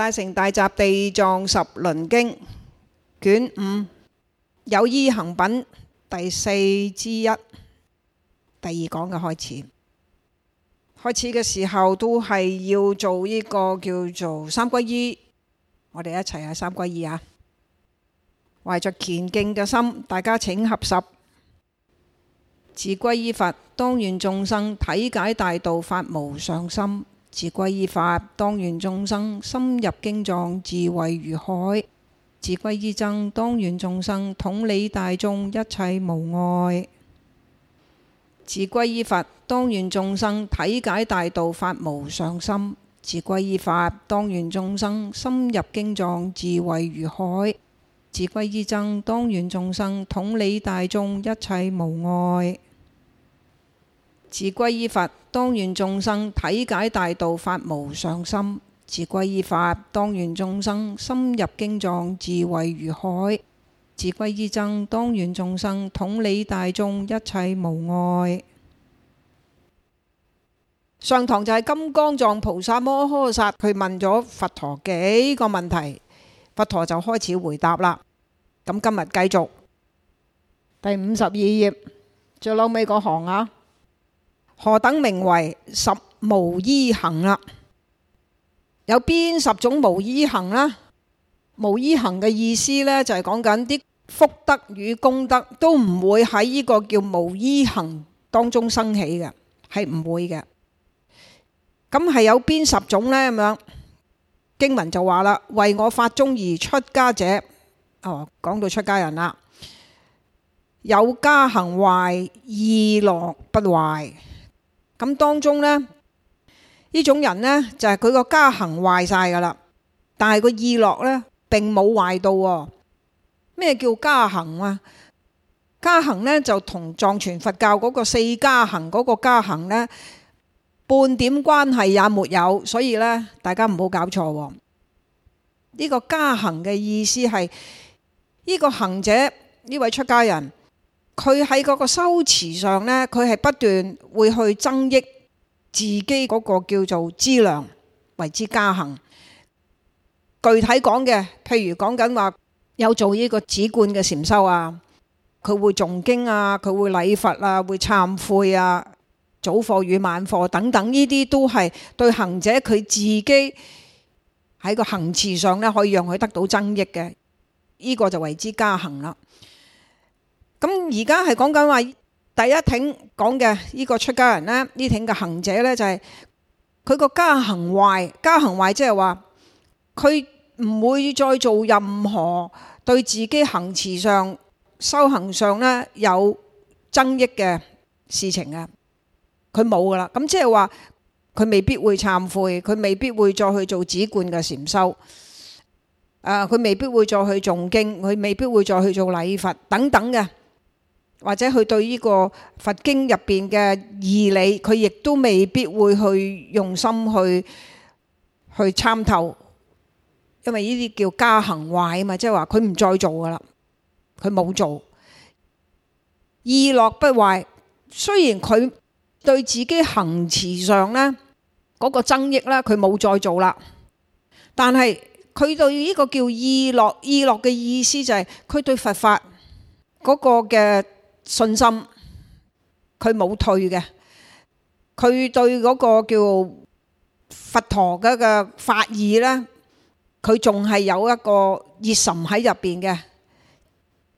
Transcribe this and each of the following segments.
大乘大集地藏十輪經卷五，有依行品第四之一，第二講嘅開始。開始嘅時候都係要做呢個叫做三歸依，我哋一齊係三歸依啊！懷着虔敬嘅心，大家請合十，自歸依佛，當願眾生體解大道，發無上心。自歸依法，當願眾生深入經藏，智慧如海；自歸依僧，當願眾生統理大眾，一切無礙；自歸依法，當願眾生體解大道，發無上心；自歸依法，當願眾生深入經藏，智慧如海；自歸依僧，當願眾生統理大眾，一切無礙。自歸依佛，當願眾生體解大道，發無上心；自歸依法，當願眾生深入經藏，智慧如海；自歸依僧，當願眾生統理大眾，一切無礙。上堂就係金剛藏菩薩摩訶薩，佢問咗佛陀幾個問題，佛陀就開始回答啦。咁今日繼續第五十二頁最嬲尾嗰行啊！何等名為十無依行啦？有邊十種無依行呢？無依行嘅意思呢，就係講緊啲福德與功德都唔會喺呢個叫無依行當中生起嘅，係唔會嘅。咁係有邊十種呢？咁樣經文就話啦：謂我法中而出家者，哦，講到出家人啦，有加行壞，意樂不壞。咁當中呢，呢種人呢，就係佢個加行壞晒噶啦，但係個意樂呢，並冇壞到，哦。咩叫加行呀？加行呢，就同藏傳佛教嗰個四加行嗰個加行呢，半點關係也沒有，所以呢，大家唔好搞錯，哦。呢個加行嘅意思係呢個行者呢位出家人。佢喺嗰個修持上呢，佢係不斷會去增益自己嗰個叫做資糧，為之加行。具體講嘅，譬如講緊話有做呢個止觀嘅禪修啊，佢會誦經啊，佢會禮佛啊，會懺悔啊，早課與晚課等等，呢啲都係對行者佢自己喺個行持上呢，可以讓佢得到增益嘅，呢、呢個就為之加行啦。咁而家係講緊話，第一挺講嘅呢個出家人咧，呢挺嘅行者咧就係佢個加行壞，加行壞即係話佢唔會再做任何對自己行持上、修行上咧有增益嘅事情啊！佢冇噶啦，咁即係話佢未必會懺悔，佢未必會再去做止觀嘅禪修，啊，佢未必會再去誦經，佢未必會再去做禮佛等等嘅。或者佢對呢個佛經入邊嘅義理，佢亦都未必會去用心去去參透，因為呢啲叫加行壞啊嘛，即係話佢唔再做噶啦，佢冇做，意樂不壞。雖然佢對自己行持上呢嗰、那個增益咧，佢冇再做啦，但係佢對呢個叫意樂，意樂嘅意思就係佢對佛法嗰個嘅。信心，佢冇退嘅。佢對嗰個叫佛陀嘅個法義咧，佢仲係有一個熱忱喺入邊嘅。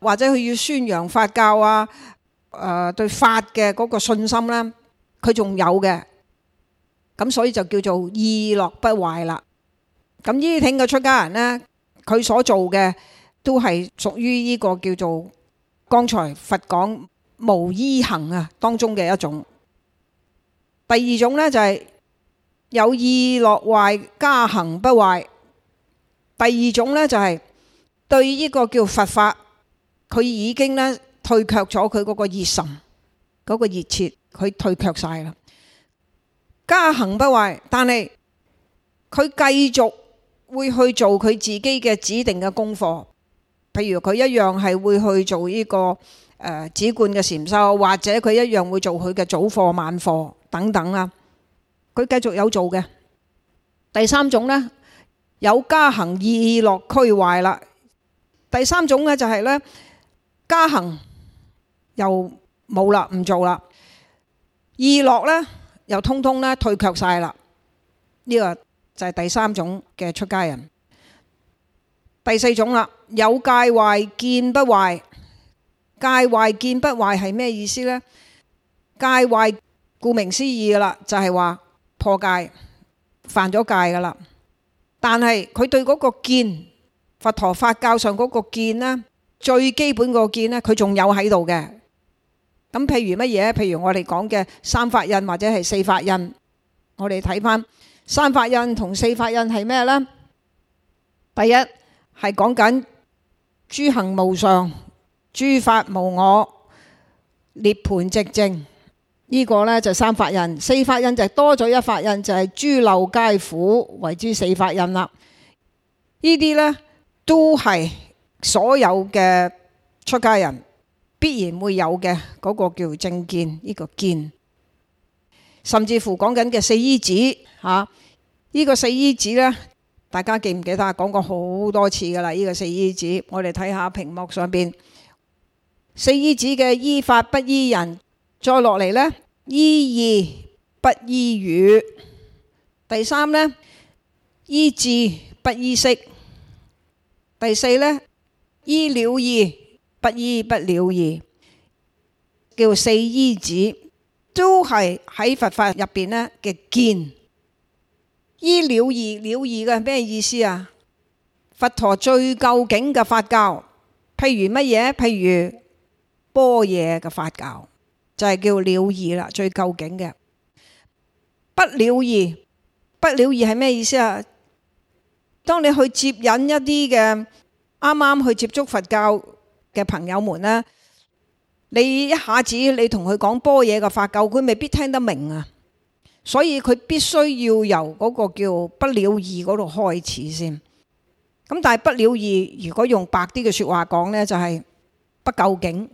或者佢要宣揚佛教啊，誒對法嘅嗰個信心咧，佢仲有嘅。咁所以就叫做意樂不壞啦。咁呢啲嘅出家人咧，佢所做嘅都係屬於呢個叫做。剛才佛講無依行啊，當中嘅一種。第二種呢，就係有意樂壞加行不壞。第二種呢，就係對呢個叫佛法，佢已經咧退卻咗佢嗰個熱忱，嗰個熱切，佢退卻晒啦。加行不壞，但係佢繼續會去做佢自己嘅指定嘅功課。譬如佢一樣係會去做呢、這個誒止觀嘅禪修，或者佢一樣會做佢嘅早課晚課等等啊，佢繼續有做嘅。第三種呢，有加行意樂俱壞啦。第三種呢，就係、是、呢加行又冇啦，唔做啦。意樂呢又通通咧退卻晒啦。呢、這個就係第三種嘅出家人。第四種啦，有戒壞見不壞，戒壞見不壞係咩意思呢？戒壞，顧名思義啦，就係話破戒、犯咗戒噶啦。但係佢對嗰個見，佛陀法教上嗰個見呢，最基本個見呢，佢仲有喺度嘅。咁譬如乜嘢？譬如我哋講嘅三法印或者係四法印，我哋睇翻三法印同四法印係咩呢？第一。係講緊諸行無常、諸法無我、涅槃寂靜。呢、這個呢，就三法印，四法印就多咗一法印，就係、是、諸漏皆苦，為之四法印啦。呢啲呢，都係所有嘅出家人必然會有嘅嗰、那個叫正見，呢、這個見，甚至乎講緊嘅四依止吓，呢、啊這個四依止呢。大家記唔記得？講過好多次㗎喇，呢個四依止，我哋睇下屏幕上邊四依止嘅依法不依人，再落嚟呢依義不依語，第三呢依智不依識，第四呢依了義不依不了義，叫四依止，都係喺佛法入邊呢嘅見。依了義，了義嘅咩意思啊？佛陀最究竟嘅法教，譬如乜嘢？譬如般若嘅法教，就係、是、叫了義」啦，最究竟嘅。不了義」，「不了義」係咩意思啊？當你去接引一啲嘅啱啱去接觸佛教嘅朋友們咧，你一下子你同佢講般若」嘅法教，佢未必聽得明啊。所以佢必須要由嗰個叫不了義嗰度開始先，咁但係不了義，如果用白啲嘅説話講呢，就係不究竟。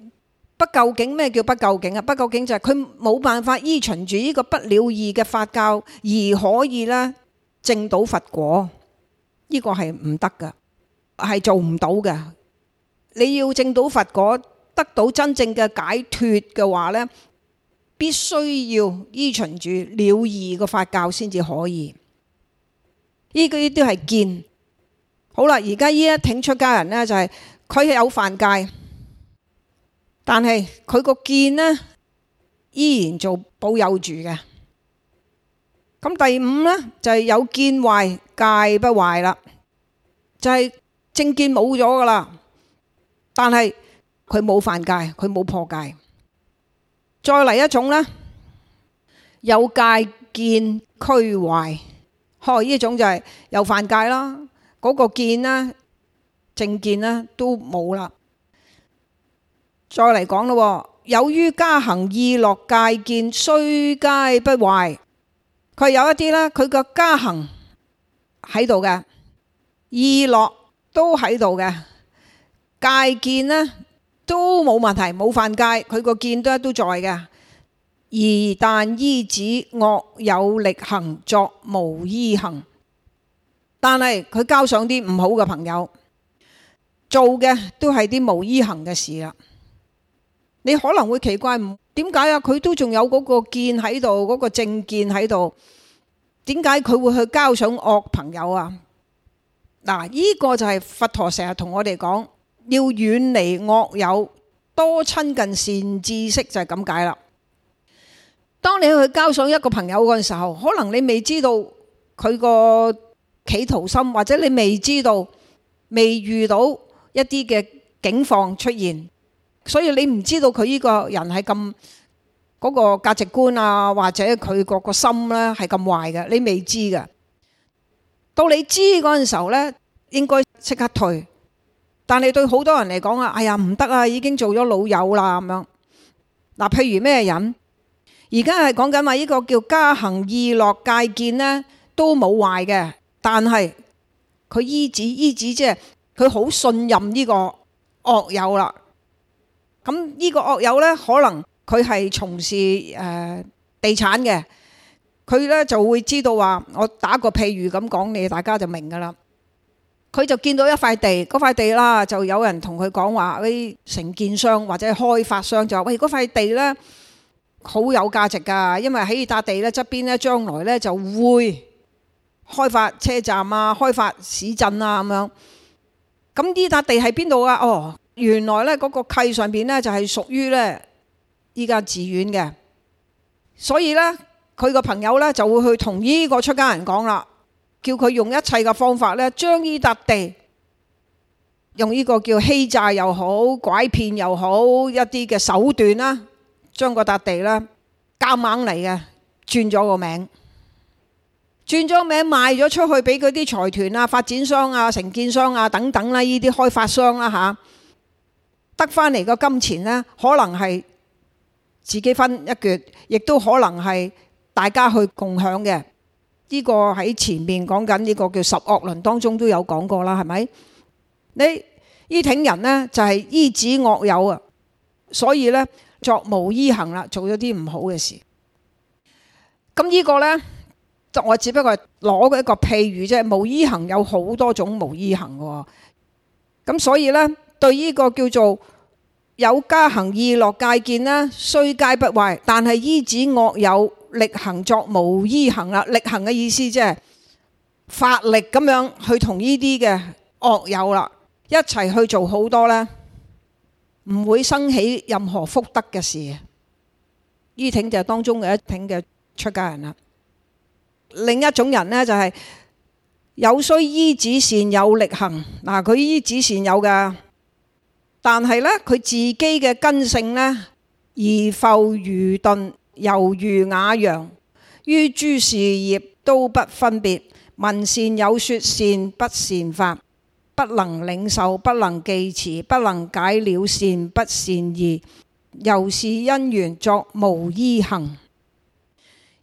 不究竟，咩叫不究竟啊？不究竟就係佢冇辦法依循住呢個不了義嘅法教而可以呢，證到佛果。呢個係唔得㗎，係做唔到㗎。你要證到佛果，得到真正嘅解脱嘅話呢。必須要依循住了義嘅法教先至可以，呢個呢啲係見。好啦，而家依一挺出家人呢，就係佢係有犯戒，但係佢個見呢依然做保有住嘅。咁第五呢，就係、是、有見壞戒不壞啦，就係、是、正見冇咗噶啦，但係佢冇犯戒，佢冇破戒。再嚟一種呢，有戒見俱壞，呵、哦，呢種就係有犯戒啦，嗰、那個見啦、正見啦都冇啦。再嚟講咯，有於加行意樂戒見雖皆不壞，佢有一啲呢，佢個加行喺度嘅，意樂，都喺度嘅，戒見呢，都冇問題，冇犯戒，佢個見都都在嘅。而但依止惡友力行作無依行，但係佢交上啲唔好嘅朋友，做嘅都係啲無依行嘅事啦。你可能會奇怪，點解啊？佢都仲有嗰個見喺度，嗰個正見喺度，點解佢會去交上惡朋友啊？嗱，依個就係佛陀成日同我哋講。要遠離惡友,多親近善知識,就係咁解啦。當你去交上一個朋友嗰陣時候,可能你未知道佢個企圖心,或者你未知道未遇到一啲嘅境況出現。所以你唔知道佢呢個人係咁,嗰個價值觀,或者佢個個心呢係咁壞嘅,你未知嘅。到你知嗰陣時候呢,應該即刻退。但係對好多人嚟講啊，哎呀唔得啊，已經做咗老友啦咁樣。嗱，譬如咩人？而家係講緊話，呢個叫加行意樂戒見呢都冇壞嘅。但係佢依止依止，即係佢好信任呢個惡友啦。咁、這、呢個惡友呢，可能佢係從事誒地產嘅，佢呢就會知道話，我打個譬如咁講，你大家就明噶啦。佢就見到一塊地，嗰塊地啦，就有人同佢講話啲承建商或者係開發商就話：喂，嗰塊地呢，好有價值㗎，因為喺呢笪地呢側邊呢，將來呢就會開發車站啊、開發市鎮啊咁樣。咁呢笪地係邊度啊？哦，原來呢嗰、嗰個契上邊呢，就係屬於呢，依間寺院嘅，所以呢，佢個朋友呢，就會去同呢個出家人講啦。叫佢用一切嘅方法呢，將呢笪地用呢個叫欺詐又好、拐騙又好一啲嘅手段啦，將個笪地啦，夾硬嚟嘅，轉咗個名，轉咗名賣咗出去俾嗰啲財團啊、發展商啊、承建商啊等等啦，呢啲開發商啦吓、啊，得返嚟個金錢呢，可能係自己分一橛，亦都可能係大家去共享嘅。呢個喺前面講緊呢個叫十惡輪當中都有講過啦，係咪？你依挺人呢就係依止惡友啊，所以呢作無依行啦，做咗啲唔好嘅事。咁、這個、呢個咧，我只不過攞嘅一個譬喻啫，無依行有好多種無依行嘅。咁所以呢，對呢個叫做有加行意樂戒見呢，雖皆不壞，但係依止惡友。力行作無依行啦，力行嘅意思即係發力咁樣去同呢啲嘅惡友啦，一齊去做好多呢，唔會生起任何福德嘅事。依挺就係當中嘅一挺嘅出家人啦。另一種人呢，就是，就係有雖依止善友力行，嗱，佢依止善友嘅，但係呢，佢自己嘅根性呢，而復愚鈍。猶如瘂羊，於諸事業都不分別，聞善友說善不善法，不能領受，不能記持，不能解了善不善義，由是因緣作無依行。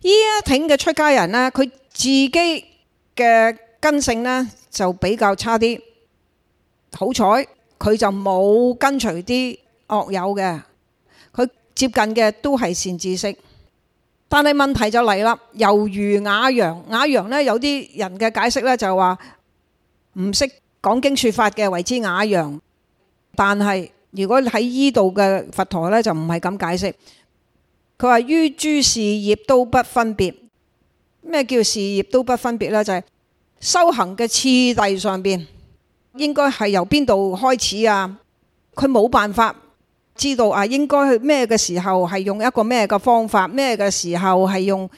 依一挺嘅出家人呢，佢自己嘅根性呢就比較差啲，好彩佢就冇跟隨啲惡友嘅，佢接近嘅都係善知識。但係問題就嚟啦，猶如雅楊，雅楊呢，有啲人嘅解釋呢就話唔識講經説法嘅為之雅楊。但係如果喺依度嘅佛陀呢，就唔係咁解釋，佢話於諸事業都不分別。咩叫事業都不分別呢？就係、是、修行嘅次第上邊應該係由邊度開始啊？佢冇辦法。知道啊，應該去咩嘅時候係用一個咩嘅方法？咩嘅時候係用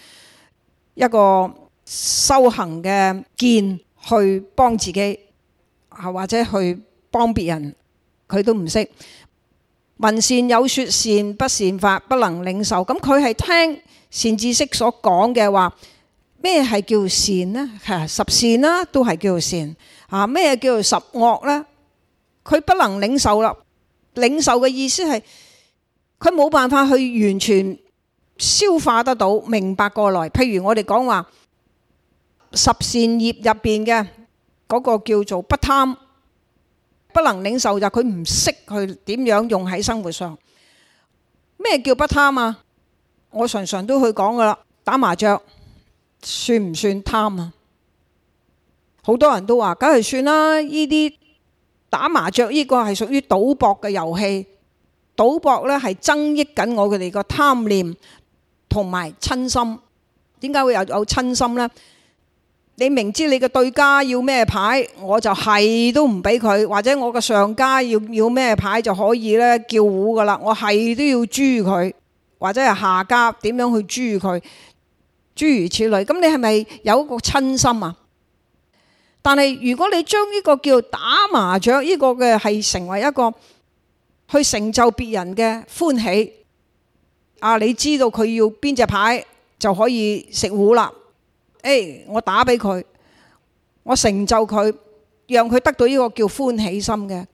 一個修行嘅見去幫自己啊，或者去幫別人，佢都唔識。聞善友說善不善法，不能領受。咁佢係聽善知識所講嘅話，咩係叫善呢？啊，十善啦，都係叫善啊。咩叫做、啊、十惡呢？佢不能領受啦。領受嘅意思係，佢冇辦法去完全消化得到，明白過來。譬如我哋講話十善業入邊嘅嗰個叫做不貪，不能領受就佢唔識去點樣用喺生活上。咩叫不貪啊？我常常都去講噶啦，打麻雀算唔算貪啊？好多人都話，梗係算啦，呢啲。打麻雀呢個係屬於賭博嘅遊戲，賭博呢係增益緊我哋個貪念同埋瞋心。點解會有有瞋心呢？你明知你嘅對家要咩牌，我就係都唔俾佢；或者我嘅上家要要咩牌就可以咧叫糊㗎喇，我係都要豬佢，或者係下家點樣去豬佢，諸如此類。咁你係咪有一個瞋心啊？但係，如果你將呢個叫打麻雀呢個嘅係成為一個去成就別人嘅歡喜，啊，你知道佢要邊隻牌就可以食糊啦。誒，我打俾佢，我成就佢，讓佢得到呢個叫歡喜心嘅。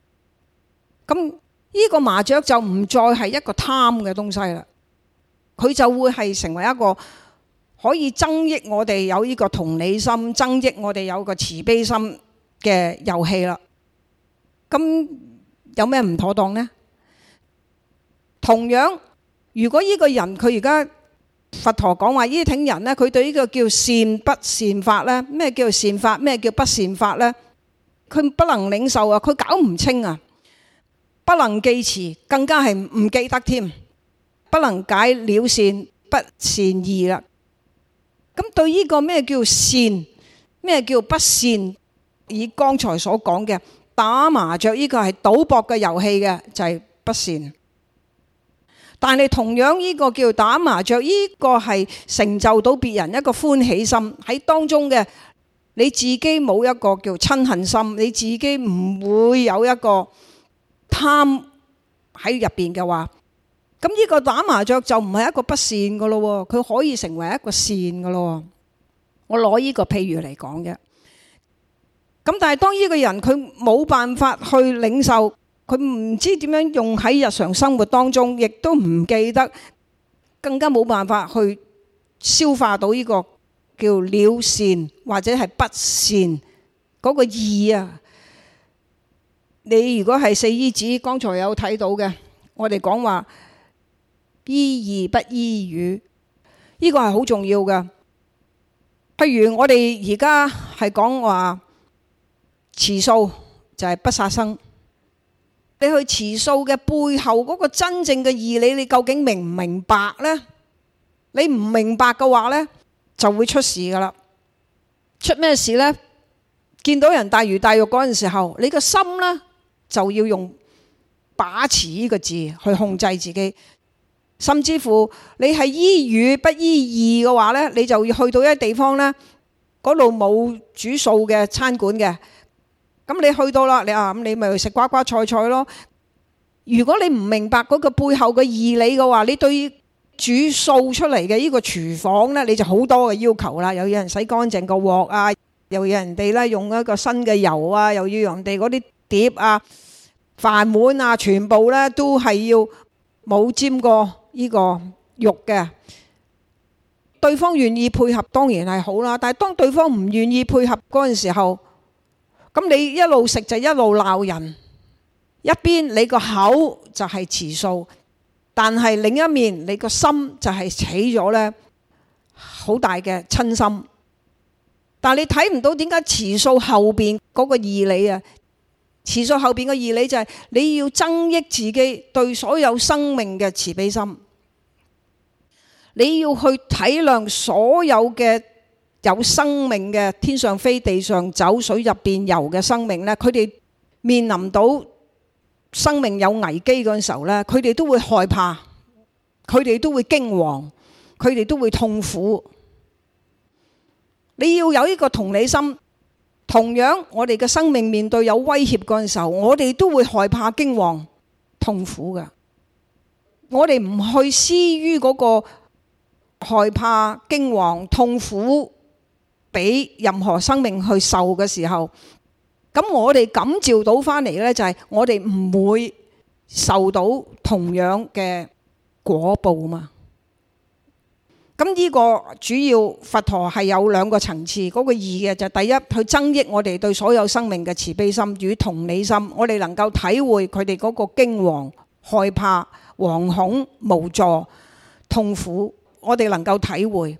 咁呢個麻雀就唔再係一個貪嘅東西啦，佢就會係成為一個。可以增益我哋有呢個同理心，增益我哋有個慈悲心嘅遊戲啦。咁有咩唔妥當呢？同樣，如果呢個人佢而家佛陀講話呢聽人呢，佢對呢個叫善不善法呢？咩叫善法，咩叫不善法呢？佢不能領受啊，佢搞唔清啊，不能記持，更加係唔記得添，不能解了善不善義啦。咁對呢個咩叫善？咩叫不善？以剛才所講嘅打麻雀，呢個係賭博嘅遊戲嘅，就係不善。但係同樣呢個叫打麻雀，呢個係成就到別人一個歡喜心喺當中嘅，你自己冇一個叫親恨心，你自己唔會有一個貪喺入邊嘅話。咁呢個打麻雀就唔係一個不善噶咯，佢可以成為一個善噶咯。我攞呢個譬如嚟講嘅。咁但係當呢個人佢冇辦法去領受，佢唔知點樣用喺日常生活當中，亦都唔記得，更加冇辦法去消化到呢個叫了善或者係不善嗰個義啊。你如果係四姨子剛才有睇到嘅，我哋講話。依義不依語，呢個係好重要嘅。譬如我哋而家係講話持素就係不殺生。你去持素嘅背後嗰個真正嘅義理，你究竟明唔明白呢？你唔明白嘅話呢，就會出事噶啦。出咩事呢？見到人大魚大肉嗰陣時候，你個心呢，就要用把持呢個字去控制自己。甚至乎你係依語不依義嘅話呢，你就去到一啲地方呢，嗰度冇煮素嘅餐館嘅，咁你去到啦，你啊，咁你咪去食瓜瓜菜菜咯。如果你唔明白嗰個背後嘅義理嘅話，你對煮素出嚟嘅呢個廚房呢，你就好多嘅要求啦。又要人洗乾淨個鑊啊，又要人哋呢用一個新嘅油啊，又要人哋嗰啲碟啊、飯碗啊，全部呢都係要冇沾過。呢個肉嘅，對方願意配合當然係好啦，但係當對方唔願意配合嗰陣時候，咁你一路食就一路鬧人，一邊你個口就係持素，但係另一面你個心就係起咗呢好大嘅嗔心，但係你睇唔到點解持素後邊嗰個義理啊？慈素後邊嘅義理就係，你要增益自己對所有生命嘅慈悲心。你要去體諒所有嘅有生命嘅天上飛、地上走、水入邊游嘅生命呢，佢哋面臨到生命有危機嗰陣時候呢，佢哋都會害怕，佢哋都會驚惶，佢哋都會痛苦。你要有一個同理心。同樣，我哋嘅生命面對有威脅嗰陣時候，我哋都會害怕、驚惶、痛苦嘅。我哋唔去施於嗰個害怕、驚惶、痛苦，俾任何生命去受嘅時候，咁我哋感召到翻嚟呢，就係我哋唔會受到同樣嘅果報嘛。咁呢個主要佛陀係有兩個層次，嗰、那個義嘅就第一，佢增益我哋對所有生命嘅慈悲心與同理心，我哋能夠體會佢哋嗰個驚惶、害怕、惶恐、無助、痛苦，我哋能夠體會。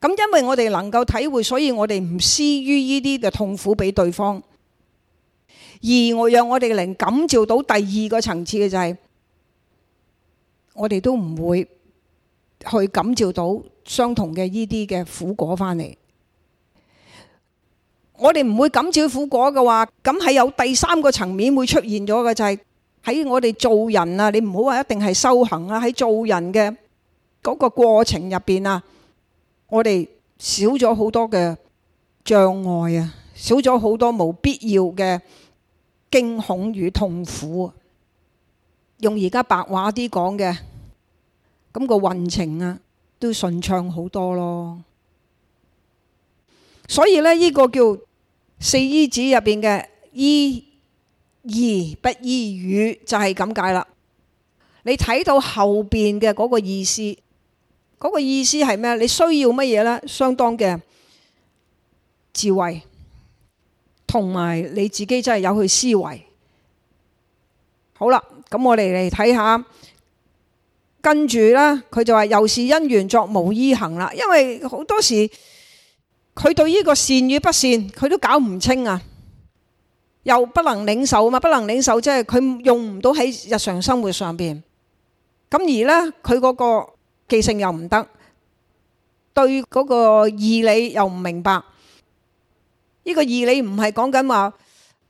咁因為我哋能夠體會，所以我哋唔施於呢啲嘅痛苦俾對方。而我讓我哋能感召到第二個層次嘅就係、是，我哋都唔會。去感召到相同嘅呢啲嘅苦果翻嚟，我哋唔會感召苦果嘅話，咁係有第三個層面會出現咗嘅，就係喺我哋做人啊，你唔好話一定係修行啊，喺做人嘅嗰個過程入邊啊，我哋少咗好多嘅障礙啊，少咗好多冇必要嘅驚恐與痛苦啊，用而家白話啲講嘅。咁個運程啊，都順暢好多咯。所以咧，呢個叫四依止入邊嘅依義不依語，就係咁解啦。你睇到後邊嘅嗰個意思，嗰個意思係咩？你需要乜嘢咧？相當嘅智慧，同埋你自己真係有去思維。好啦，咁我哋嚟睇下。跟住呢，佢就話又是因緣作無依行啦。因為好多時佢對呢個善與不善，佢都搞唔清啊，又不能領受啊嘛，不能領受即係佢用唔到喺日常生活上邊。咁而呢，佢嗰個記性又唔得，對嗰個義理又唔明白。呢個義理唔係講緊話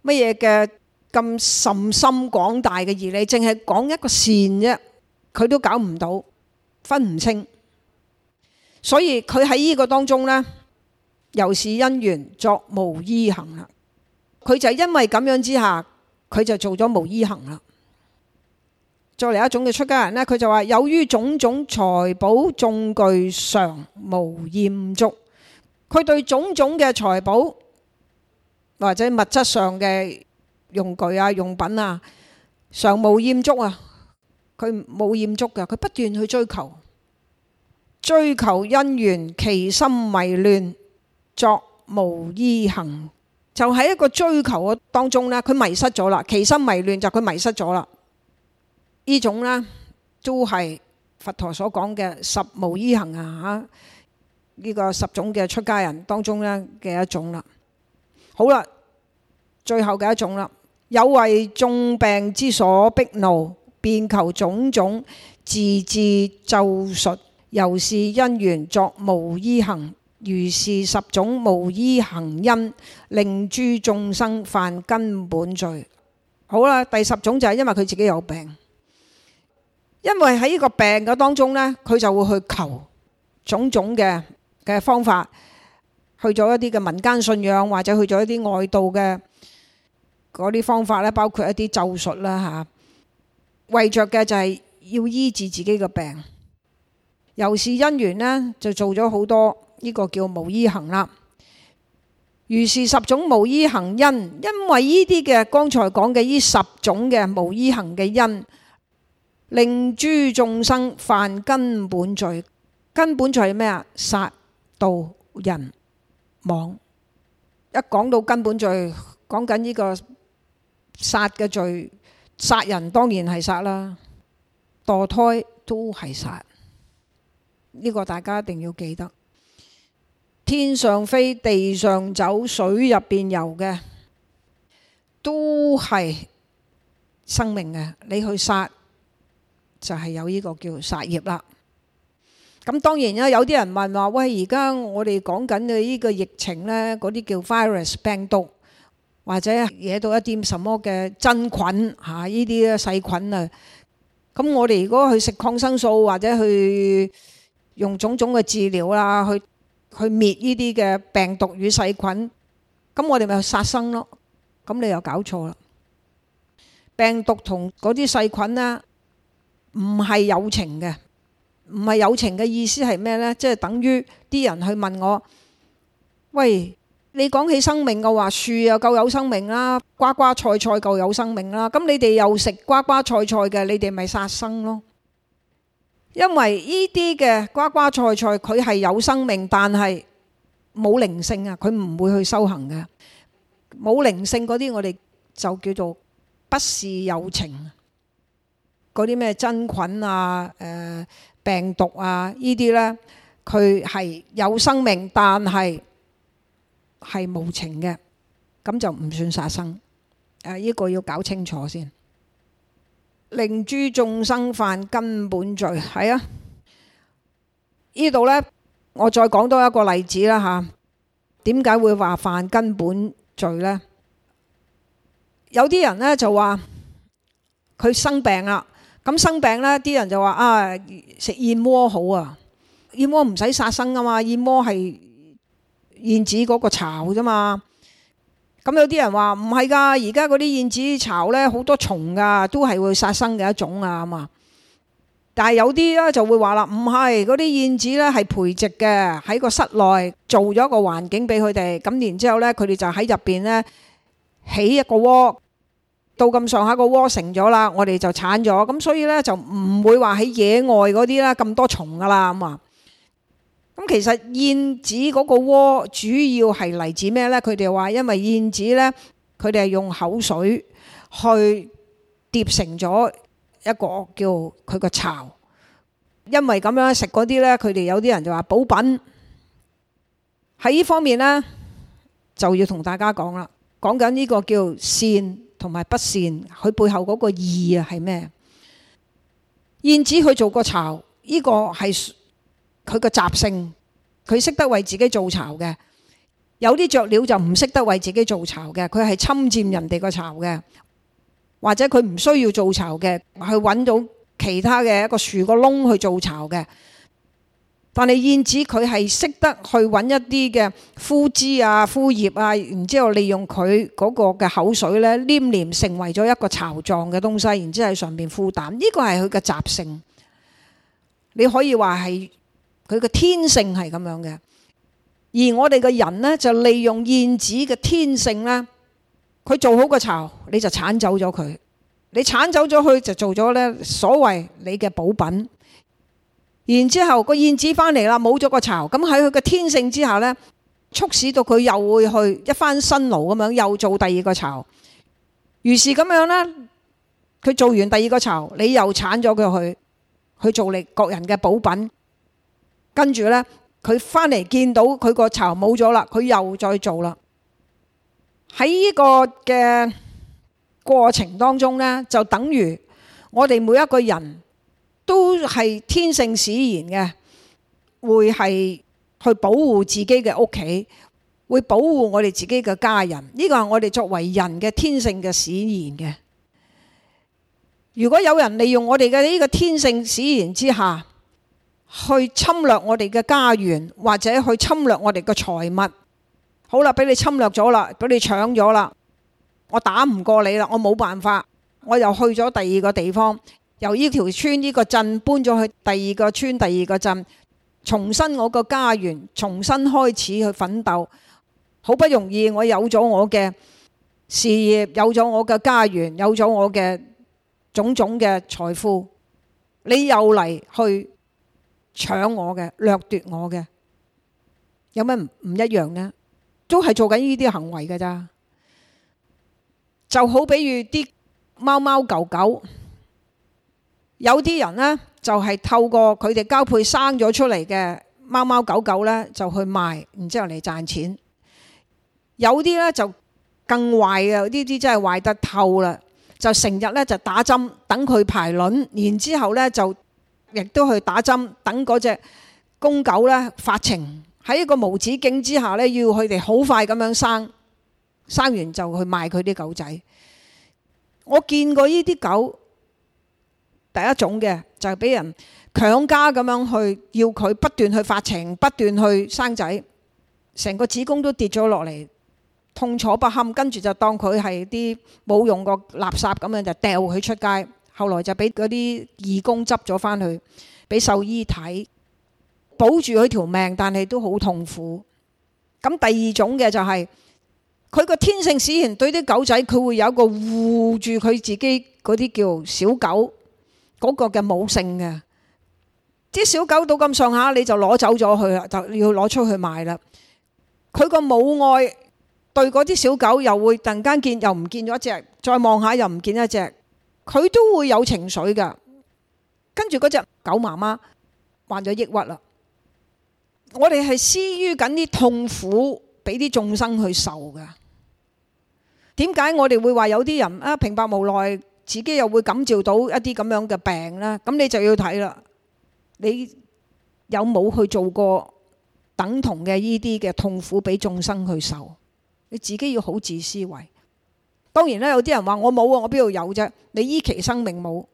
乜嘢嘅咁甚深廣大嘅義理，淨係講一個善啫。佢都搞唔到，分唔清，所以佢喺呢個當中咧，由是因緣作無依行啦。佢就因為咁樣之下，佢就做咗無依行啦。再嚟一種嘅出家人咧，佢就話由於種種財寶眾具常無厭足。佢對種種嘅財寶或者物質上嘅用具啊、用品啊，常無厭足啊。佢冇厭足嘅，佢不斷去追求，追求因緣，其心迷亂，作無依行，就喺一個追求嘅當中咧。佢迷失咗啦，其心迷亂就佢迷失咗啦。呢種咧都係佛陀所講嘅十無依行啊！嚇，呢個十種嘅出家人當中咧嘅一種啦。好啦，最後嘅一種啦，有為眾病之所逼惱。便求種種，為着嘅就係要醫治自己嘅病，由是因緣呢，就做咗好多呢、呢個叫無依行啦。如是十種無依行因，因為呢啲嘅剛才講嘅呢十種嘅無依行嘅因，令諸眾生犯根本罪。根本罪係咩啊？殺盜淫妄。一講到根本罪，講緊呢個殺嘅罪。殺人當然係殺啦，墮胎都係殺，呢、這個大家一定要記得。天上飛、地上走、水入邊游嘅，都係生命嘅。你去殺，就係、是、有呢個叫殺業啦。咁當然啦，有啲人問話：喂，而家我哋講緊嘅呢個疫情呢，嗰啲叫 virus 病毒。或者惹到一啲什麼嘅真菌嚇，呢啲嘅細菌啊，咁我哋如果去食抗生素或者去用種種嘅治療啦，去去滅呢啲嘅病毒與細菌，咁我哋咪殺生咯。咁你又搞錯啦！病毒同嗰啲細菌咧，唔係有情嘅，唔係有情嘅意思係咩咧？即係等於啲人去問我，喂。你講起生命嘅話，樹又夠有生命啦，瓜瓜菜菜夠有生命啦。咁你哋又食瓜瓜菜菜嘅，你哋咪殺生咯。因為呢啲嘅瓜瓜菜菜，佢係有生命，但係冇靈性啊，佢唔會去修行嘅。冇靈性嗰啲，我哋就叫做不是有情。嗰啲咩真菌啊、誒、呃、病毒啊呢啲呢，佢係有生命，但係。係無情嘅，咁就唔算殺生。誒，啊，呢個要搞清楚先。令諸眾生犯根本罪，係啊。呢度呢，我再講多一個例子啦吓。啊，點解會話犯根本罪呢？有啲人呢就話佢生病啦，咁生病呢，啲人就話啊，食燕窩好啊，燕窩唔使殺生啊嘛，燕窩係。燕子嗰個巢啫嘛，咁有啲人話唔係㗎，而家嗰啲燕子巢咧好多蟲㗎，都係會殺生嘅一種啊咁啊。但係有啲咧就會話啦，唔係嗰啲燕子咧係培植嘅，喺個室內做咗個環境俾佢哋，咁然之後咧佢哋就喺入邊咧起一個窩，到咁上下個窩成咗啦，我哋就鏟咗，咁所以咧就唔會話喺野外嗰啲啦咁多蟲㗎啦咁啊。咁其實燕子嗰個窩主要係嚟自咩呢？佢哋話因為燕子呢，佢哋係用口水去疊成咗一個叫佢個巢。因為咁樣食嗰啲呢，佢哋有啲人就話補品。喺呢方面呢，就要同大家講啦，講緊呢個叫善同埋不善，佢背後嗰個義啊係咩？燕子去做個巢，呢個係。佢個習性，佢識得為自己造巢嘅。有啲雀鳥就唔識得為自己造巢嘅，佢係侵佔人哋個巢嘅，或者佢唔需要造巢嘅，去揾到其他嘅一個樹個窿去做巢嘅。但係燕子佢係識得去揾一啲嘅枯枝啊、枯葉啊，然之後利用佢嗰個嘅口水咧黏黏成為咗一個巢狀嘅東西，然之後喺上面孵蛋。呢個係佢嘅習性，你可以話係。佢嘅天性係咁樣嘅，而我哋嘅人呢，就利用燕子嘅天性呢，佢做好個巢，你就鏟走咗佢，你鏟走咗佢就做咗呢所謂你嘅補品。然之後個燕子翻嚟啦，冇咗個巢，咁喺佢嘅天性之下呢，促使到佢又會去一番辛勞咁樣，又做第二個巢。於是咁樣呢，佢做完第二個巢，你又鏟咗佢去去做你各人嘅補品。跟住呢，佢翻嚟見到佢個巢冇咗啦，佢又再做啦。喺呢個嘅過程當中呢，就等於我哋每一個人都係天性使然嘅，會係去保護自己嘅屋企，會保護我哋自己嘅家人。呢個係我哋作為人嘅天性嘅使然嘅。如果有人利用我哋嘅呢個天性使然之下，去侵略我哋嘅家園，或者去侵略我哋嘅財物。好啦，俾你侵略咗啦，俾你搶咗啦。我打唔過你啦，我冇辦法。我又去咗第二個地方，由呢條村呢個鎮搬咗去第二個村第二個鎮，重新我個家園，重新開始去奮鬥。好不容易我有咗我嘅事業，有咗我嘅家園，有咗我嘅種種嘅財富，你又嚟去？搶我嘅，掠奪我嘅，有咩唔一樣呢？都係做緊呢啲行為嘅咋？就好比如啲貓貓狗狗，有啲人呢就係透過佢哋交配生咗出嚟嘅貓貓狗狗呢就去賣，然之後嚟賺錢。有啲呢就更壞嘅，呢啲真係壞得透啦！就成日呢就打針，等佢排卵，然之後呢就。亦都去打針，等嗰隻公狗咧，發情，喺一個無止境之下咧，要佢哋好快咁樣生，生完就去賣佢啲狗仔。我見過呢啲狗，第一種嘅就係俾人強加咁樣去，要佢不斷去發情，不斷去生仔，成個子宮都跌咗落嚟，痛楚不堪，跟住就當佢係啲冇用個垃圾咁樣，就掉佢出街。後來就俾嗰啲義工執咗翻去，俾獸醫睇，保住佢條命，但係都好痛苦。咁第二種嘅就係佢個天性使然，對啲狗仔佢會有一個護住佢自己嗰啲叫小狗嗰個嘅母性嘅。啲小狗到咁上下你就攞走咗佢啦，就要攞出去賣啦。佢個母愛對嗰啲小狗又會突然間見又唔見咗一隻，再望下又唔見一隻。佢都會有情緒噶，跟住嗰隻狗媽媽患咗抑鬱啦。我哋係施於緊啲痛苦俾啲眾生去受噶。點解我哋會話有啲人啊，平白無奈自己又會感召到一啲咁樣嘅病呢？咁你就要睇啦。你有冇去做過等同嘅呢啲嘅痛苦俾眾生去受？你自己要好自思維。當然啦，有啲人話我冇啊，我邊度有啫？你依期生命冇，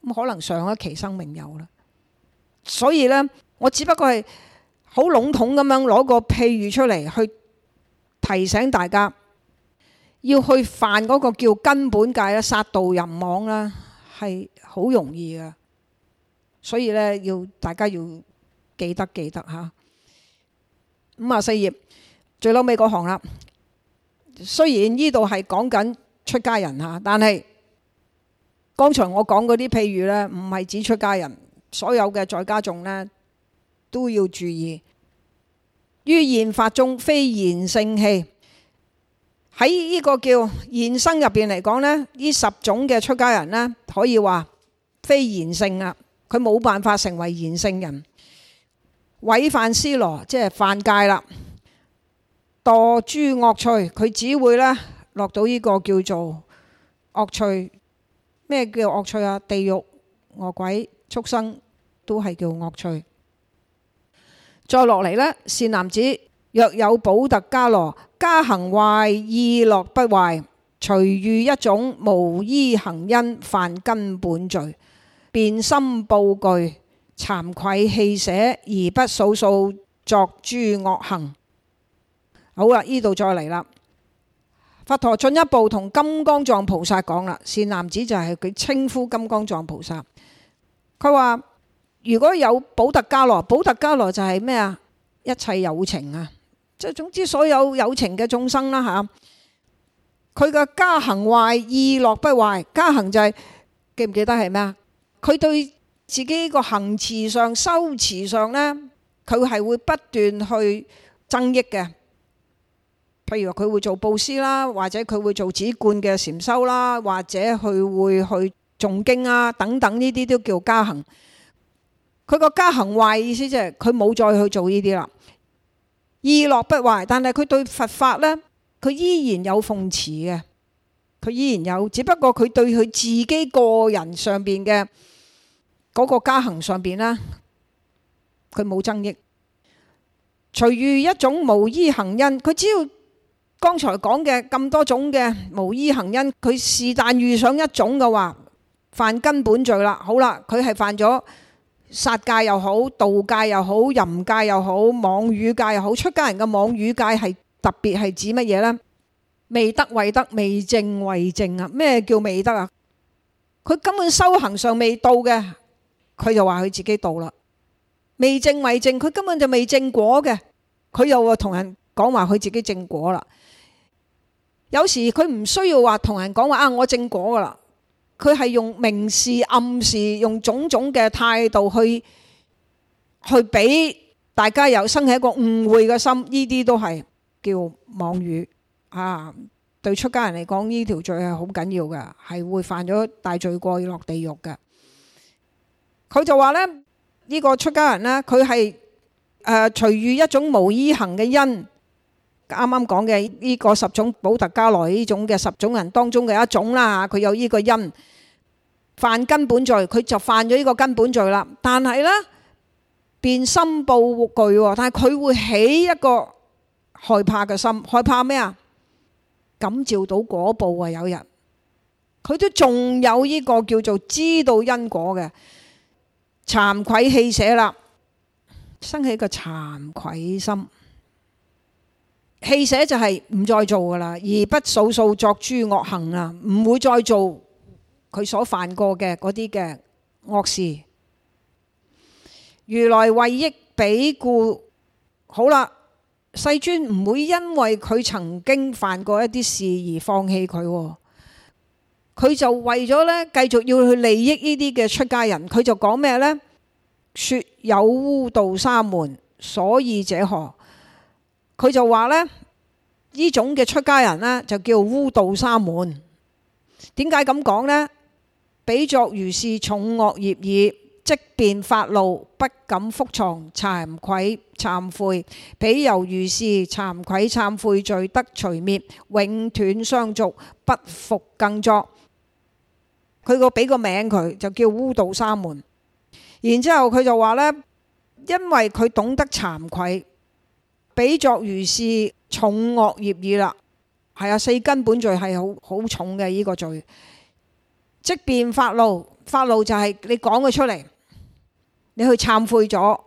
咁可能上一期生命有啦。所以咧，我只不過係好籠統咁樣攞個譬喻出嚟，去提醒大家要去犯嗰個叫根本戒啦，殺盜淫妄啦，係好容易噶。所以咧，要大家要記得記得吓。五啊四頁最屘尾嗰行啦，雖然呢度係講緊。出家人哈，但係剛才我講嗰啲譬喻呢，唔係指出家人，所有嘅在家眾呢，都要注意。於現法中非賢聖器，喺呢個叫現生入邊嚟講呢，呢十種嘅出家人呢，可以話非賢聖啊，佢冇辦法成為賢聖人，毀犯尸羅即係犯戒啦，墮諸惡趣，佢只會呢。落到呢個叫做惡趣，咩叫惡趣啊？地獄、惡鬼、畜生都係叫惡趣。再落嚟呢，善男子，若有補特伽羅，加行壞，意樂不壞，隨遇一種無依行因，犯根本罪，便深怖懼，慚愧棄捨，而不數數作諸惡行。好啦，呢度再嚟啦。佛陀進一步同金剛藏菩薩講啦，善男子就係佢稱呼金剛藏菩薩。佢話如果有補特伽羅，補特伽羅就係咩啊？一切有情啊，即係總之所有有情嘅眾生啦吓。佢嘅加行壞，意樂不壞。加行就係記唔記得係咩啊？佢對自己個行持上、修持上呢，佢係會不斷去增益嘅。譬如佢會做布施啦，或者佢會做止觀嘅禪修啦，或者佢會去誦經啊，等等呢啲都叫加行。佢個加行壞意思即係佢冇再去做呢啲啦，意樂不壞。但係佢對佛法呢，佢依然有奉持嘅，佢依然有。只不過佢對佢自己個人上邊嘅嗰個加行上邊呢，佢冇增益。隨遇一種無依行因，佢只要。剛才講嘅咁多種嘅無依行因，佢是但遇上一種嘅話，犯根本罪啦。好啦，佢係犯咗殺戒又好、盜戒又好、淫戒又好、妄語戒又好。出家人嘅妄語戒係特別係指乜嘢呢？未得為得、未正為正啊？咩叫未得啊？佢根本修行上未到嘅，佢就話佢自己到啦。未正為正，佢根本就未正果嘅，佢又話同人講話佢自己正果啦。有時佢唔需要話同人講話啊，我正果噶啦，佢係用明示暗示，用種種嘅態度去去俾大家有生起一個誤會嘅心，呢啲都係叫妄語啊！對出家人嚟講，呢條罪係好緊要噶，係會犯咗大罪過要落地獄噶。佢就話咧，呢個出家人呢，佢係誒隨遇一種無依行嘅因。啱啱講嘅呢個十種補特伽羅呢種嘅十種人當中嘅一種啦，佢有呢個因犯根本罪，佢就犯咗呢個根本罪啦。但係呢，便深怖懼，但係佢會起一個害怕嘅心，害怕咩啊？感召到果報啊，有人佢都仲有呢個叫做知道因果嘅，慚愧棄捨啦，生起個慚愧心。棄捨就係唔再做噶啦，而不數數作諸惡行啊，唔會再做佢所犯過嘅啲嘅惡事。如來為益彼故，好啦，世尊唔會因為佢曾經犯過一啲事而放棄佢，佢就為咗咧繼續要去利益呢啲嘅出家人，佢就講咩咧？說有污道沙門，所以者何？佢就話呢，呢種嘅出家人呢，就叫污道沙門。點解咁講呢？彼作如是重惡業已，即便發露，不敢覆藏，慚愧、懺悔；彼由如是慚愧、懺悔罪得除滅，永斷相續，不復更作。佢個俾個名佢就叫污道沙門。然之後佢就話呢，因為佢懂得慚愧。彼作如是重惡業已啦，係啊，四根本罪係好好重嘅呢個罪。即便發露，發露就係你講佢出嚟，你去懺悔咗。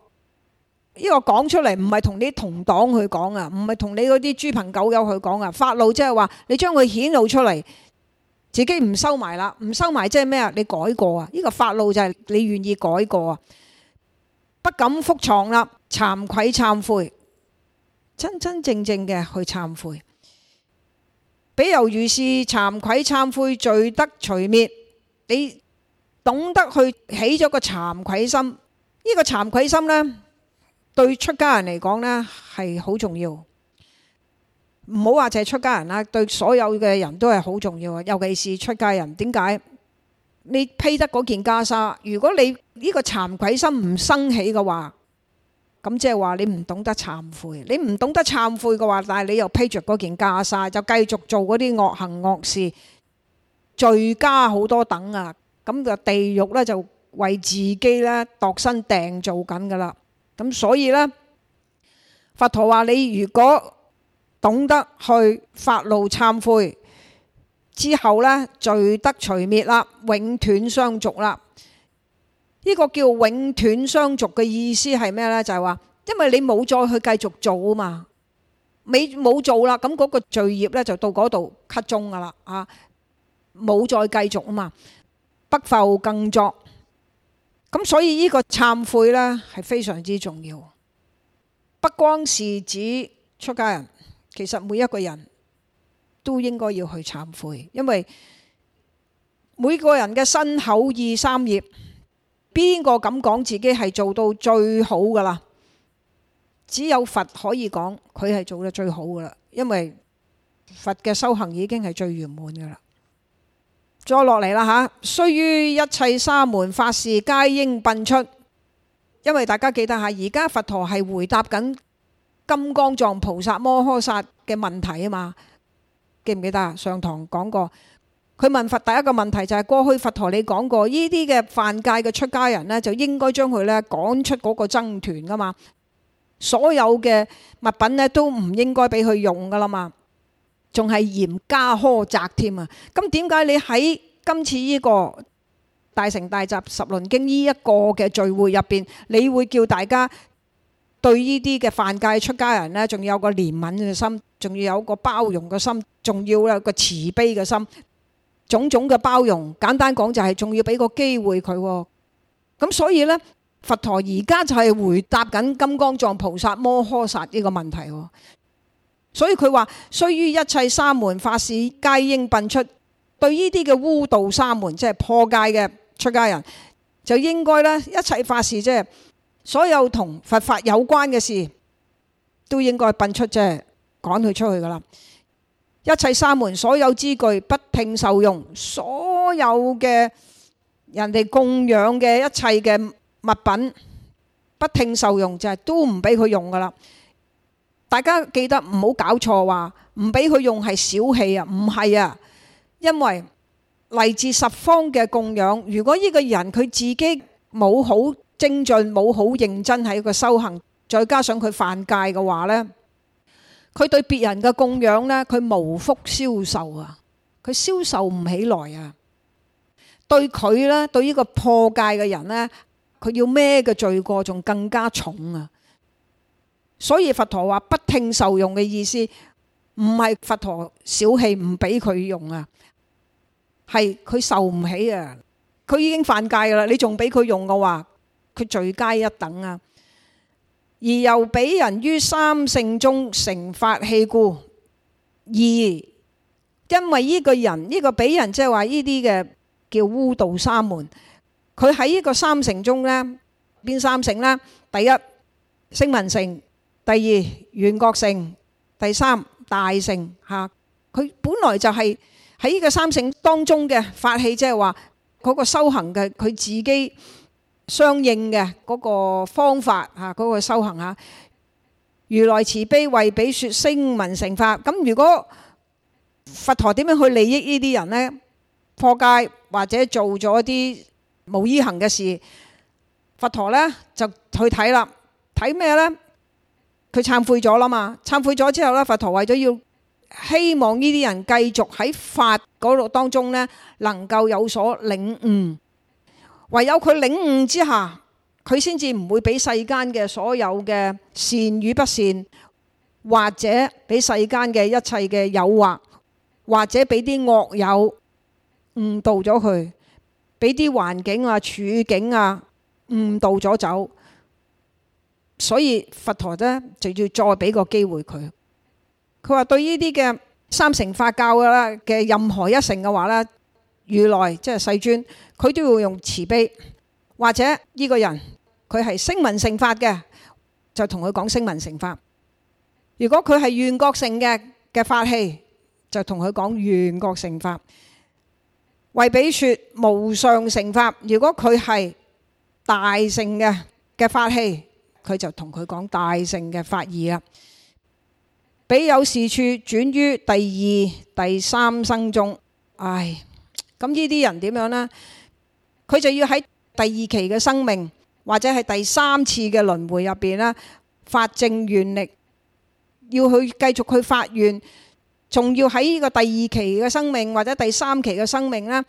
呢個講出嚟唔係同啲同黨去講啊，唔係同你嗰啲豬朋狗友去講啊。發露即係話你將佢顯露出嚟，自己唔收埋啦，唔收埋即係咩啊？你改過啊？呢個發露就係你願意改過啊，不敢覆藏啦，慚愧懺悔。真真正正嘅去懺悔，彼由如是慚愧懺悔，罪得除滅。你懂得去起咗個慚愧心，呢個慚愧心呢，對出家人嚟講呢，係好重要。唔好話就係出家人啦，對所有嘅人都係好重要啊。尤其是出家人，點解你披得嗰件袈裟。如果你呢個慚愧心唔生起嘅話，咁即係話你唔懂得懺悔，你唔懂得懺悔嘅話，但係你又披著嗰件袈裟，就繼續做嗰啲惡行惡事，罪加好多等啊！咁就地獄呢就為自己呢度身訂造緊噶啦。咁所以呢，佛陀話你如果懂得去發露懺悔之後呢，罪得除滅啦，永斷相續啦。呢個叫永斷相續嘅意思係咩呢？就係話，因為你冇再去繼續做啊嘛，你冇做啦，咁嗰個罪業呢就到嗰度劇終㗎喇，啊，冇再繼續啊嘛，不復更作。咁所以呢個懺悔呢係非常之重要，不光是指出家人，其實每一個人都應該要去懺悔，因為每個人嘅身口意三業。邊個敢講自己係做到最好噶啦？只有佛可以講，佢係做得最好噶啦因為佛嘅修行已經係最圓滿噶啦。再落嚟啦吓，雖於一切沙門法事皆應擯出，因為大家記得下，而家佛陀係回答緊金剛藏菩薩摩訶薩嘅問題啊嘛，記唔記得啊？上堂講過。佢問佛第一個問題就係：過去佛陀你講過，呢啲嘅犯戒嘅出家人呢，就應該將佢呢趕出嗰個僧團㗎嘛？所有嘅物品呢都唔應該俾佢用㗎喇嘛？仲係嚴加苛責添啊！咁點解你喺今次呢個大乘大集十輪經呢一個嘅聚會入邊，你會叫大家對呢啲嘅犯戒出家人呢，仲要有個憐憫嘅心，仲要有個包容嘅心，仲要有個慈悲嘅心？種種嘅包容，簡單講就係仲要俾個機會佢喎、哦。咁所以呢，佛陀而家就係回答緊金剛藏菩薩摩訶薩呢個問題、哦。所以佢話：雖於一切沙門法事皆應擯出。對呢啲嘅污道沙門，即係破戒嘅出家人，就應該呢，一切法事，即係所有同佛法有關嘅事，都應該擯出，即係趕佢出去噶啦。一切沙門所有資具不聽受用所有嘅人哋供養嘅一切嘅物品，不聽受用就係都唔俾佢用噶啦。大家記得唔好搞錯話，唔俾佢用係小氣啊，唔係啊，因為嚟自十方嘅供養，如果呢個人佢自己冇好精進，冇好認真喺個修行，再加上佢犯戒嘅話呢，佢對別人嘅供養呢，佢無福消受啊。佢消受唔起來啊！對佢呢，對呢個破戒嘅人呢，佢要孭嘅罪過仲更加重啊！所以佛陀話不聽受用嘅意思，唔係佛陀小氣唔俾佢用啊，係佢受唔起啊！佢已經犯戒㗎啦，你仲俾佢用嘅話，佢罪加一等啊！而由彼人於三乘中成法器故二。因為呢個人呢個俾人即係話呢啲嘅叫污道沙門，佢喺呢個三乘中咧，邊三乘咧？第一聲聞乘，第二緣覺乘，第三大乘。吓，佢本來就係喺呢個三乘當中嘅法器，即係話嗰個修行嘅佢自己相應嘅嗰個方法吓，嗰個修行吓。如來慈悲為彼說聲聞乘法，咁如果。佛陀點樣去利益呢啲人呢？破戒，或者做咗啲無依行嘅事，佛陀呢就去睇啦。睇咩呢？佢懺悔咗啦嘛，懺悔咗之後呢，佛陀為咗要希望呢啲人繼續喺法嗰度當中呢，能夠有所領悟。唯有佢領悟之下，佢先至唔會俾世間嘅所有嘅善與不善，或者俾世間嘅一切嘅誘惑。或者俾啲惡友誤導咗佢，俾啲環境啊、處境啊誤導咗走，所以佛陀呢，就要再俾個機會佢。佢話對呢啲嘅三乘法教噶啦嘅任何一乘嘅話呢，如來即係世尊，佢都要用慈悲。或者呢個人佢係聲聞乘法嘅，就同佢講聲聞乘法。如果佢係緣覺乘嘅嘅法器，就同佢講緣覺乘法，為彼說無上乘法。如果佢係大乘嘅嘅法器，佢就同佢講大乘嘅法義。啊。彼有是處，轉於第二、第三生中。唉，咁呢啲人點樣呢？佢就要喺第二期嘅生命，或者係第三次嘅輪迴入邊呢，發正願力，要去繼續去發願。仲要喺呢個第二期嘅生命或者第三期嘅生命呢，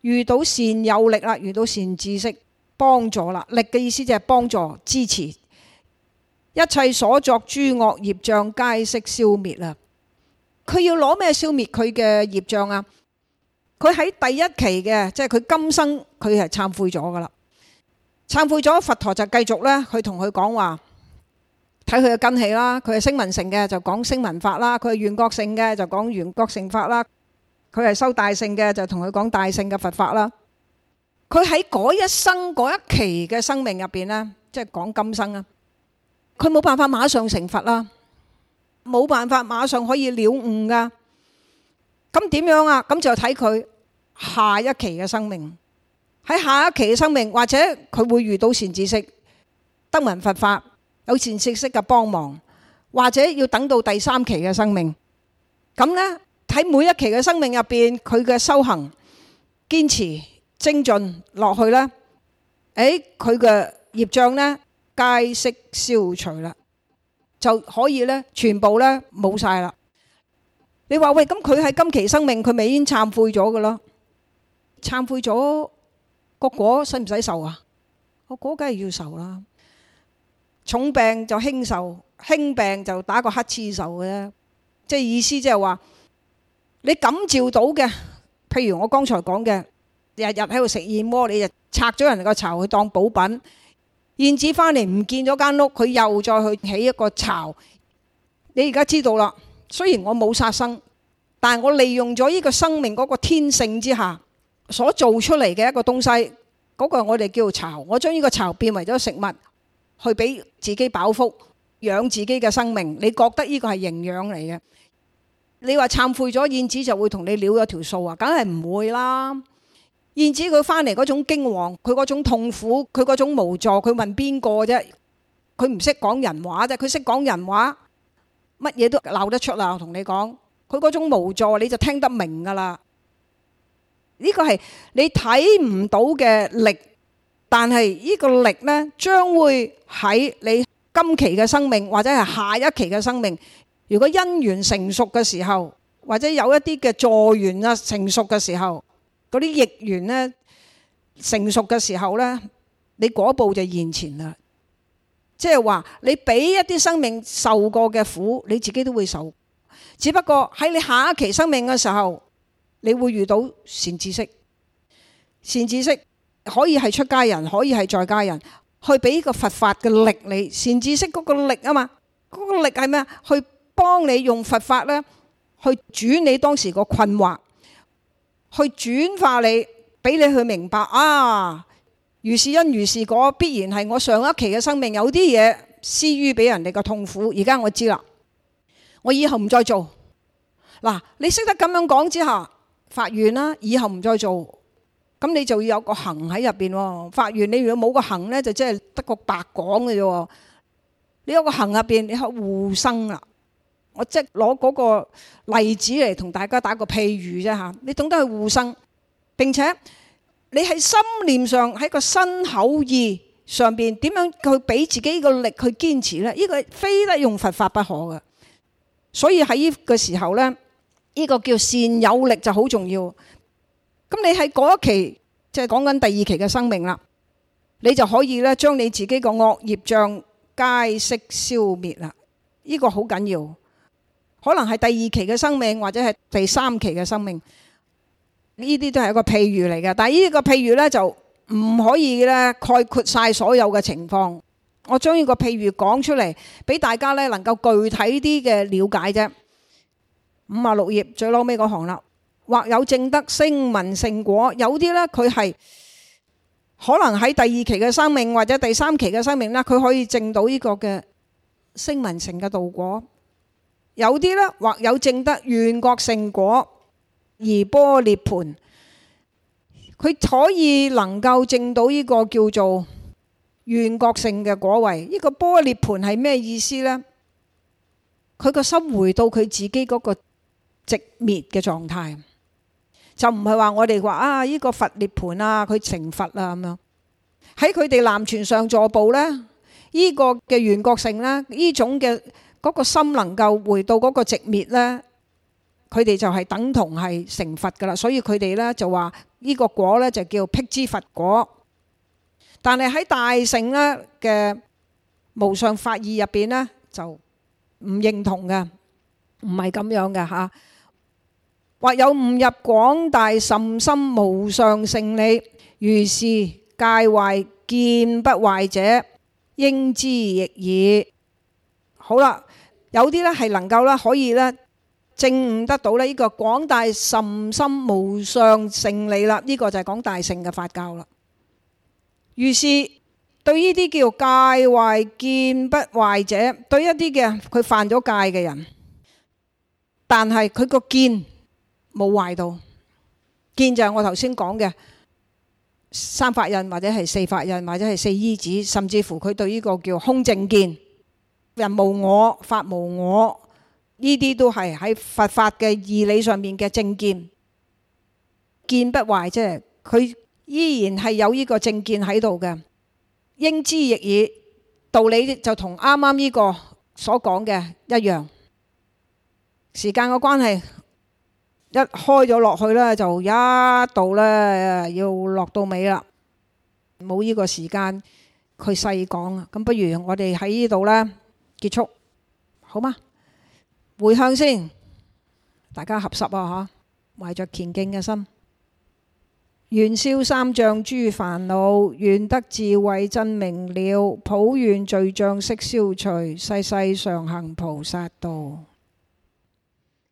遇到善友力啦，遇到善知識幫助啦。力嘅意思就係幫助支持，一切所作諸惡業障皆悉消滅啦。佢要攞咩消滅佢嘅業障啊？佢喺第一期嘅，即係佢今生佢係懺悔咗噶啦，懺悔咗，佛陀就繼續呢，去同佢講話。睇佢嘅根器啦，佢係聲聞性嘅就講聲聞法啦，佢係緣覺性嘅就講緣覺性法啦，佢係修大乘嘅就同佢講大乘嘅佛法啦。佢喺嗰一生嗰一期嘅生命入邊呢，即係講今生啊，佢冇辦法馬上成佛啦，冇辦法馬上可以了悟噶。咁點樣啊？咁就睇佢下一期嘅生命，喺下一期嘅生命，或者佢會遇到善知識，得聞佛法。有善知識嘅幫忙，或者要等到第三期嘅生命。重病就輕受，輕病就打個乞嗤受嘅，即係意思即係話你感召到嘅，譬如我剛才講嘅，日日喺度食燕窩，你就拆咗人哋個巢去當補品。燕子返嚟唔見咗間屋，佢又再去起一個巢。你而家知道啦。雖然我冇殺生，但係我利用咗呢個生命嗰個天性之下所做出嚟嘅一個東西，嗰、嗰個我哋叫做巢。我將呢個巢變為咗食物。去俾自己飽腹，養自己嘅生命。你覺得呢個係營養嚟嘅？你話懺悔咗燕子就會同你了咗條數啊？梗係唔會啦！燕子佢返嚟嗰種驚惶，佢嗰種痛苦，佢嗰種無助，佢問邊個啫？佢唔識講人話啫，佢識講人話，乜嘢都鬧得出啦！我同你講，佢嗰種無助你就聽得明㗎啦。呢個係你睇唔到嘅力。但係呢、這個力呢，將會喺你今期嘅生命，或者係下一期嘅生命。如果因緣成熟嘅時候，或者有一啲嘅助緣啊成熟嘅時候，嗰啲逆緣呢，成熟嘅時候呢，你嗰步就現前啦。即係話，你俾一啲生命受過嘅苦，你自己都會受。只不過喺你下一期生命嘅時候，你會遇到善知識，善知識。可以係出家人，可以係在家人，去俾個佛法嘅力你，善知識嗰個力啊嘛，嗰、嗰個力係咩？去幫你用佛法咧，去轉你當時個困惑，去轉化你，俾你去明白啊！如是因如是果，必然係我上一期嘅生命有啲嘢施於俾人哋嘅痛苦，而家我知啦，我以後唔再做。嗱，你識得咁樣講之下，發願啦，以後唔再做。咁你就要有個行喺入邊喎，法緣，你如果冇個行咧，就真係得個白講嘅啫。你有個行入邊，你可護生啦。我即攞嗰個例子嚟同大家打個譬喻啫吓，你懂得去護生，並且你喺心念上喺個心口意上邊，點樣去俾自己個力去堅持咧？呢個非得用佛法不可嘅。所以喺呢個時候咧，呢個叫善有力就好重要。咁你喺嗰一期，即係講緊第二期嘅生命啦，你就可以咧將你自己個惡業障皆悉消滅啦。呢個好緊要，可能係第二期嘅生命，或者係第三期嘅生命。呢啲都係一個譬如嚟嘅，但係呢個譬如咧就唔可以咧概括晒所有嘅情況。我將呢個譬如講出嚟，俾大家咧能夠具體啲嘅了解啫。五啊六頁最撈尾嗰行啦。或有證得聲聞乘果，有啲呢，佢係可能喺第二期嘅生命或者第三期嘅生命呢，佢可以證到呢個嘅聲聞乘嘅道果。有啲呢，或有證得緣覺乘果而般涅槃，佢可以能夠證到呢個叫做緣覺乘嘅果位。呢個般涅槃係咩意思呢？佢個心回到佢自己嗰個寂滅嘅狀態。就唔係話我哋話啊，或有悟入廣大甚深無上乘理，如是戒壞見不壞者，應知亦爾。好啦，有啲咧係能夠咧可以咧證悟得到咧呢個廣大甚深無上乘理啦。呢、呢個就係廣大乘嘅法教啦。於是對呢啲叫戒壞見不壞者，對一啲嘅佢犯咗戒嘅人，但係佢個見，冇壞到，見就係我頭先講嘅三法印或者係四法印或者係四依止，甚至乎佢對呢個叫空正見，人無我法無我呢啲都係喺佛法嘅義理上面嘅正見，見不壞啫。佢依然係有呢個正見喺度嘅，應知亦爾。道理就同啱啱呢個所講嘅一樣。時間嘅關係。一開咗落去呢，就一度呢，要落到尾啦，冇呢個時間，佢細講啊，咁不如我哋喺呢度呢，結束，好嗎？回向先，大家合十啊嚇，懷、啊、着虔敬嘅心，願消三障諸煩惱，願得智慧真明了，普願罪障悉消除，世世上行菩薩道。